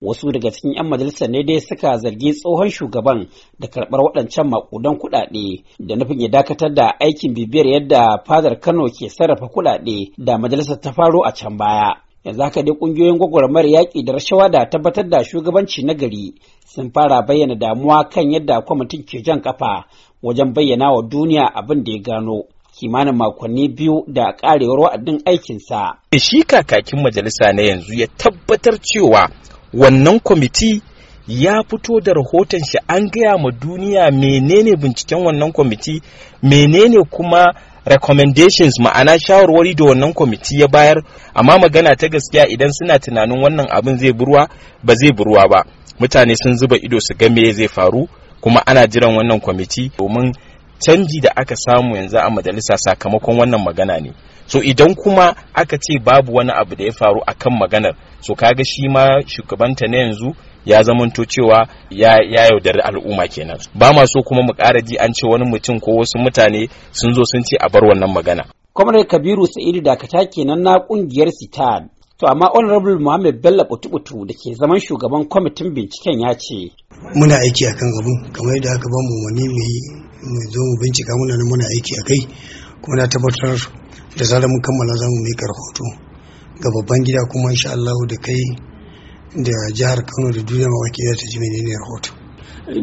wasu daga cikin 'yan Majalisa ne dai suka zargi tsohon shugaban da karɓar waɗancan maƙudan kuɗaɗe da nufin ya dakatar da aikin bibiyar yadda fadar kano ke sarrafa kuɗaɗe da majalisar ta faro a can baya yanzu haka dai ƙungiyoyin gwagwarmayar yaƙi da rashawa da tabbatar da shugabanci na gari sun fara bayyana damuwa kan yadda kwamitin ke jan kafa wajen bayyana wa duniya abin da ya gano kimanin makonni biyu da karewar wa'adin aikinsa. shi kakakin majalisa na yanzu ya tabbatar cewa wannan kwamiti ya fito da rahoton shi an gaya ma duniya menene binciken wannan kwamiti menene kuma recommendations ma'ana shawarwari da wannan kwamiti ya bayar amma magana ta gaskiya idan suna tunanin wannan abin zai burwa ba zai burwa ba mutane sun zuba ido su ga me zai faru kuma ana jiran wannan kwamiti domin canji da aka samu yanzu a majalisa sakamakon wannan magana ne so idan kuma aka ce babu wani abu da ya faru akan maganar so kaga shi ma shugabanta na yanzu ya zamanto cewa ya yaudari al'umma kenan ba ma so kuma mu ƙara ji an ce wani mutum ko wasu mutane sun zo sun ce a bar wannan magana kwamrar kabiru sa'idu dakata kenan na ƙungiyar sitan to amma honorable muhammad bello butu-butu da ke zaman shugaban kwamitin binciken ya ce muna aiki akan abin kamar yadda aka mu wani mu yi mu zo mu bincika muna ne muna aiki a kai kuma na tabbatar da zarar mun kammala za mu miƙa rahoto ga babban gida kuma insha Allah da kai da jihar Kano da duniya mawaki za ta ji menene rahoto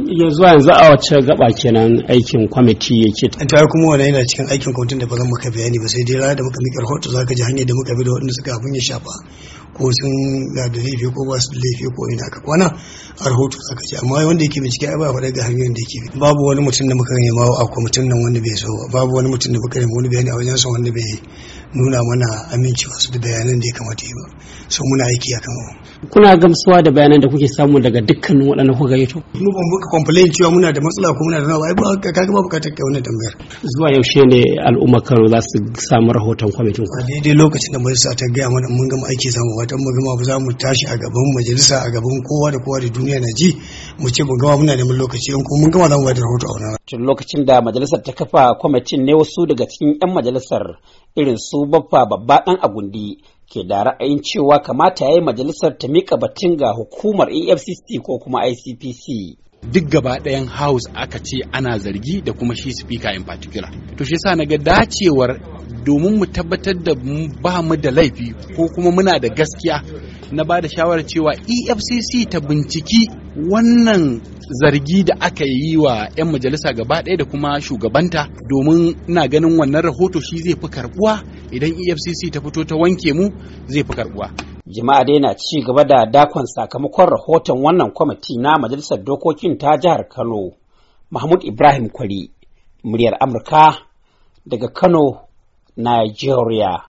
ya zuwa yanzu a wace gaba kenan aikin kwamiti ya yake ta kuma wani yana cikin aikin kwamitin da ba zan maka bayani ba sai dai ranar da muka miƙa rahoto za ka ji hanyar da muka bi da waɗanda suka abin ya shafa ko sun da laifi ko ba su laifi ko ina ka kwana a rahoto ka ci amma wanda yake bincike ai ba faɗa ga hanyoyin da yake babu wani mutum da muka nema a kwamitin nan wanda bai zo babu wani mutum da muka nema wani bayani a wajen sa wanda bai nuna mana amincewa su da bayanan da ya kamata yi ba so muna aiki a akan kuna gamsuwa da bayanan da kuke samu daga dukkanin waɗannan kuka gayyato mu ban muka complain cewa muna da matsala ko muna da nawa ai ba ka kaga ba buƙatar kai wannan tambayar zuwa yaushe ne al'ummar Kano za su samu rahoton kwamitin ku a daidai lokacin da majalisa ta gaya mana mun gama aiki zamu watan mu za mu tashi a gaban majalisa a gaban kowa da kowa da duniya na ji mu ce muna neman lokaci in kuma gama rahoto a wannan tun lokacin da majalisar ta kafa kwamitin ne wasu daga cikin yan majalisar irin su baffa babba dan agundi ke da ra'ayin cewa kamata yayi majalisar ta mika batun ga hukumar EFCC ko kuma ICPC duk gaba ɗayan house aka ce ana zargi da kuma shi speaker in particular to shi na ga dacewar domin mu tabbatar da ba mu da laifi ko kuma muna da gaskiya na ba da shawarar cewa efcc ta binciki wannan zargi da aka yi wa 'yan majalisa gaba ɗaya da kuma shugabanta domin na ganin wannan rahoto shi zai fi karbuwa idan efcc ta fito ta wanke mu zai fi karbuwa jama'a dai na ci gaba da dakon sakamakon rahoton wannan kwamiti na majalisar dokokin ta jihar kano mahmud ibrahim kwari muryar amurka daga kano Na Najeriya.